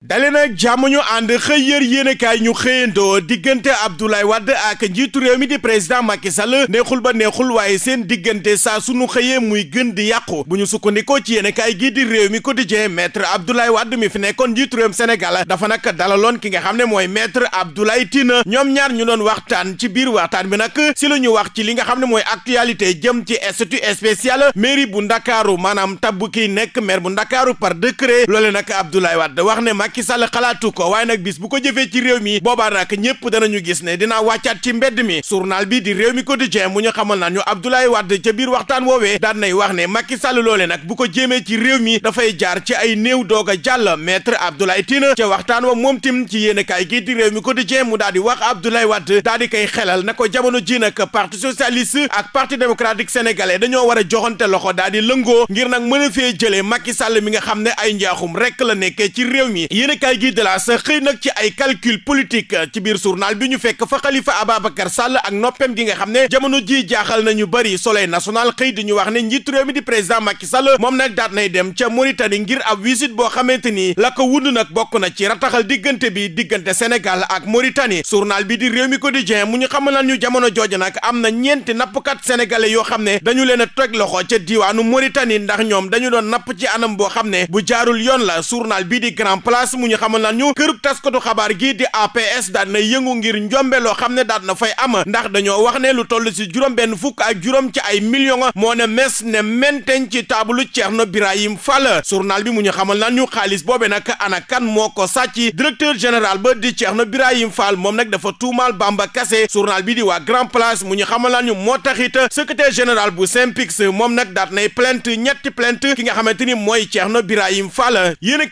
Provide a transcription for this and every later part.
dale nag jàmm ñu ànd xëy yër yéenekaay ñu xëyandoo diggante Abdoulaye wadd ak njiitu réew mi di président Macky Sall neexul ba neexul waaye seen diggante saa nu xëyee muy gën di yàqu bu ñu sukkandikoo ci yéenekaay gii di réew mi quotidien maître Abdoulaye wadd mi fi nekkoon njiitu réewum Sénégal dafa nag loon ki nga xam ne mooy maître Abdoulaye Tine ñoom ñaar ñu doon waxtaan ci biir waxtaan bi nag si la ñu wax ci li nga xam ne mooy actualité jëm ci statut spécial mairie bu Ndakaaru maanaam tabb ki nekk maire bu Ndakaaru par décret loole nag Abdoulaye Wade wax ne Macky Sall xalaatu ko waaye nag bis bu ko jëfee ci réew mi boobaa nag ñëpp danañu gis ne dina wàccaat ci mbedd mi journal bi di réew mi quotidien mu ñu xamal naan ñu Abdoulaye Wade ca biir waxtaan woowee daan nay wax ne Macky Sall loole nag bu ko jéemee ci réew mi dafay jaar ci ay néew doog a jàll maître Abdoulaye Tine ca waxtaan wa moom tim ci yéen kaay gii di réew mi quotidien mu daal di wax Abdoulaye Wade daal di koy xelal na ko jamono ji nag parti socialiste ak parti démocratique sénégalais dañoo war a joxante loxo daal di lëngoo ngir nag mën fee jëlee Macky Sall mi nga xam ne ay njaaxum rek la nekkee ci réew mi yéen a kaay la sa xëy nag ci ay calcul politique ci biir journal bi ñu fekk fa Khalifa Ababacar Sall ak noppem gi nga xam ne jamono ji jaaxal na ñu bëri soleil national xëy di ñu wax ne njiitu réew mi di président Macky Sall moom nag daat nay dem ca Mauritanie ngir ab visite boo xamante ni la ko wund nag bokk na ci rataxal diggante bi diggante Sénégal ak Mauritanie journal bi di réew mi quotidien mu ñu xamal ñu jamono jooju nag am na ñeenti nappkat sénégalais yoo xam ne dañu leen a teg ca diwaanu Mauritanie ndax ñoom dañu doon napp ci anam boo xam ne bu jaarul yoon la journal bi di grand As mu ñu xamal lan ñu kërub taskatu xabaar gii di APS daan na yëngu ngir njombe loo xam ne daan na fay am ndax dañoo wax ne lu toll si juróom benn fukk ak juróom ci ay millions moo na mes ne menteñ ci taabalu Thierno Birahim Fall journal bi mu ñu xamal lan ñu xaalis boobe nag ana kan moo ko sàcc directeur général ba di Thierno Birahim Fall moom nag dafa tuumaal Bamba Kassé journal bi di waa Grand Place mu ñu xamal lan ñu moo taxit secrétaire général bu Synpics moom nag daat nay plainte ñetti plainte ki nga xamante ni mooy Thierno Birahim Fall yéen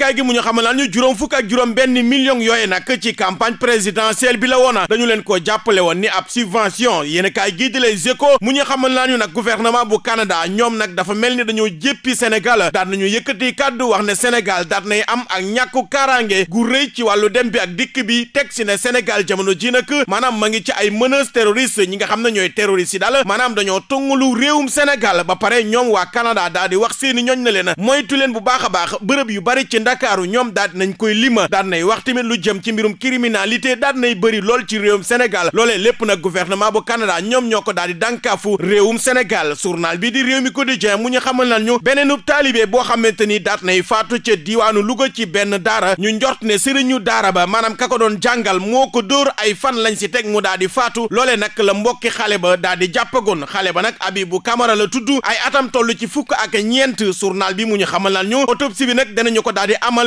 juróom fukk ak juróom million yooyu nag ci campagne présidentielle bi la woon dañu leen ko jàppale woon ni ab subvention yéen kaay di Les Échos mu ñu xamal naa ñu nag gouvernement bu Canada ñoom nag dafa mel ni dañoo jéppi Sénégal daan nañu yëkkati kàddu wax ne Sénégal daan nay am ak ñàkku kaaraange gu ci wàllu dem ak dikk bi teg si ne Sénégal jamono ji nag maanaam ma ngi ci ay menaces terroristes ñi nga xam ne ñooy terroristes yi daal maanaam dañoo tungulu réewum Sénégal ba pare ñoom waa Canada daal di wax seeni ñooñ na leen moytu leen bu baax a baax bërëb yu bari ci Ndakaaru ñoom daal di nañ ngi koy lima daan nay wax tamit lu jëm ci mbirum criminalité daan nay bëri lool ci réewum Sénégal loolee lépp nag gouvernement bu Canada ñoom ñoo ko daal di dànkaafu réewum Sénégal journal bi di réew mi quotidien mu ñu xamal nañu ñu beneenub taalibe boo xamante ni daat nay faatu ca diwaanu Louga ci benn daara ñu njort ne sëriñu daara ba maanaam ka ko doon jàngal moo ko dóor ay fan lañ si teg mu daal di faatu loole nag la mbokki xale ba daal di jàppagoon xale ba nag Abibu Camara la tudd ay atam toll ci fukk ak ñeent journal bi mu ñu xamal nañu autopsie bi nag danañu ko daal amal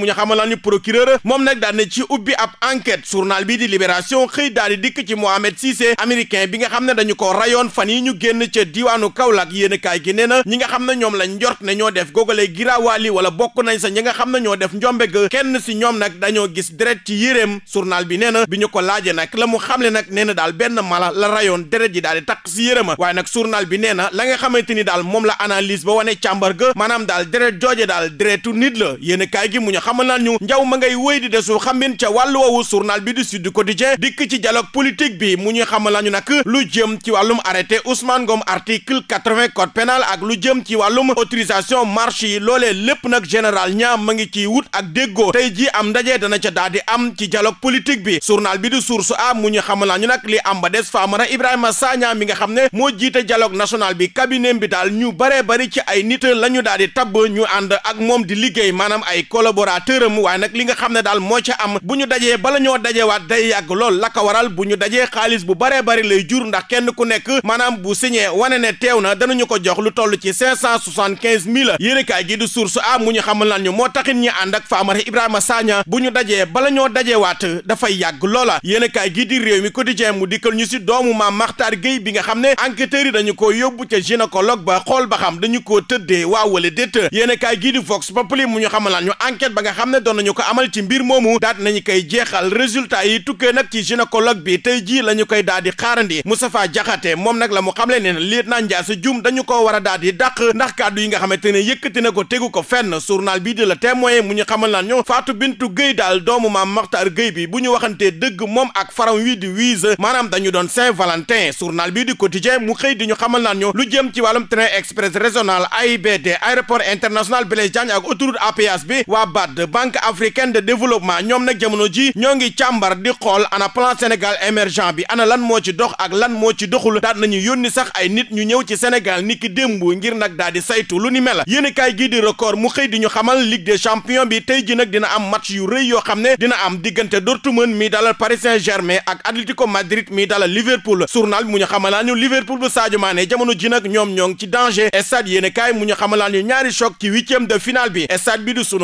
mu ñu xamal ñu procureur moom nag daan na ci ubbi ab enquête journal bii di libération xëy daal di dikk ci Mohamed Cissé américain bi nga xam ne dañu ko rayoon fan yi ñu génn ca diwaanu Kaolack yéen kaay gi nee na ñi nga xam ne ñoom lañ njort ne ñoo def googale giraawaali wala bokk nañ sa ñi nga xam ne ñoo def njombe ga kenn si ñoom nag dañoo gis deret ci yéreem journal bi nee na bi ñu ko laajee nag la mu xam xamle nag nee na daal benn mala la rayoon deret ji daal di takk si yéreem waaye nag journal bi nee na la nga xamante ni daal moom la analyse ba wane càmbar ga maanaam daal daal deretu nit la yéen kaay gi mu xamal naa ñu njaw ma ngay wéy di desu xambin ca wàllu woowu journal bi du Sud Quotidien dikk ci dialogue politique bi mu ñu xamal naa ñu nag lu jëm ci wàllum arrêté Ousmane Ngom article quatre-vingt code ak lu jëm ci wàllum autorisation marche yi loolee lépp nag général ñaam ma ngi ci wut ak déggoo tey ji am ndaje dana ca daal di am ci dialogue politique bi journal bi di Source A mu ñu xamal naa ñu nag li am ba des Famara Ibrahima Sagna mi nga xam ne moo jiite dialogue national bi cabinet bi daal ñu baree bari ci ay nit la ñu daal di tabb ñu ànd ak moom di liggéey maanaam ay collaborateurs collaborateur am waaye nag li nga xam ne daal moo ca am bu ñu dajee bala ñoo dajewaat day yàgg lool la ko waral bu ñu dajee xaalis bu baree bari lay jur ndax kenn ku nekk maanaam bu signé wane ne teew na danañu ko jox lu toll ci cinq cent soixante-quinze mille yéenekaay gi di source a mu ñu xamal lan ñu moo taxit ñi ànd ak Famara Ibrahima Sagna bu ñu dajee bala ñoo dajewaat dafay yàgg loola yéenekaay gi di réew mi quotidien mu dikkal ñu si doomu maam Makhtar Gueye bi nga xam ne enquêteurs yi dañu ko yóbbu ca gynécologue ba xool ba xam dañu koo tëddee waaw wala déet yéenekaay gi di Vox Populi mu ñu xamal lan ñu ba nga xam ne doon nañu ko amal ci mbir moomu daat nañu koy jeexal résultat yi tukkee nag na gynécologue bi tey jii la ñu koy daal di xaarandi Moustapha Diakhaté moom nag la mu xam le ne lieutenant Ndiasse Dioum dañu ko war a daal di dàq ndax kàddu yi nga xamante ne yëkkati na ko tegu ko fenn journal bii di la témoin mu ñu xamal naan ñoo Fatou Bintou Gueye daal doomu maam Makhtar Gueye bi bu ñu wax waxantee dëgg moom ak faram wi di wiise maanaam dañu doon Saint-Valentin journal bii di quotidien mu xëy di ñu xamal naan ñu lu jëm ci wàllum train express régional AIBD aéroport international Blaise Diagne ak autoroute APS bi waa baat de Banque africaine de développement ñoom nag jamono ji ñoo ngi càmbar di xool ana plan Sénégal émergent bi ana lan moo ci dox ak lan moo ci doxul daal nañu yónni sax ay nit ñu ñëw ci Sénégal niki démb ngir nag daal di saytu lu ni mel yéen kaay gii di record mu xëy di ñu xamal Ligue des bi tey ji nag dina am mat yu rëy yoo xam ne dina am diggante Dortmund mi dalal Paris Saint-Germain ak Atlético Madrid mi dalal Liverpool journal mu ñu xamalaa ñu Liverpool bu Sadio Mané jamono ji nag ñoom ñoo ngi ci danger stade yéen kaay mu ñu xamalaan ñu ñaari choc ci huitième de finale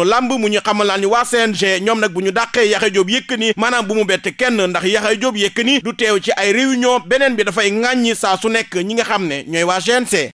lamb mu ñu xamal laan ni waa CNG ñoom nag bu ñu dàqee Yaxya Jóob Yékini maanaam bu mu bett kenn ndax Yaxya Jóob Yékini du teew ci ay ñoo beneen bi dafay ŋàññi saa su nekk ñi nga xam ne ñooy waa CNG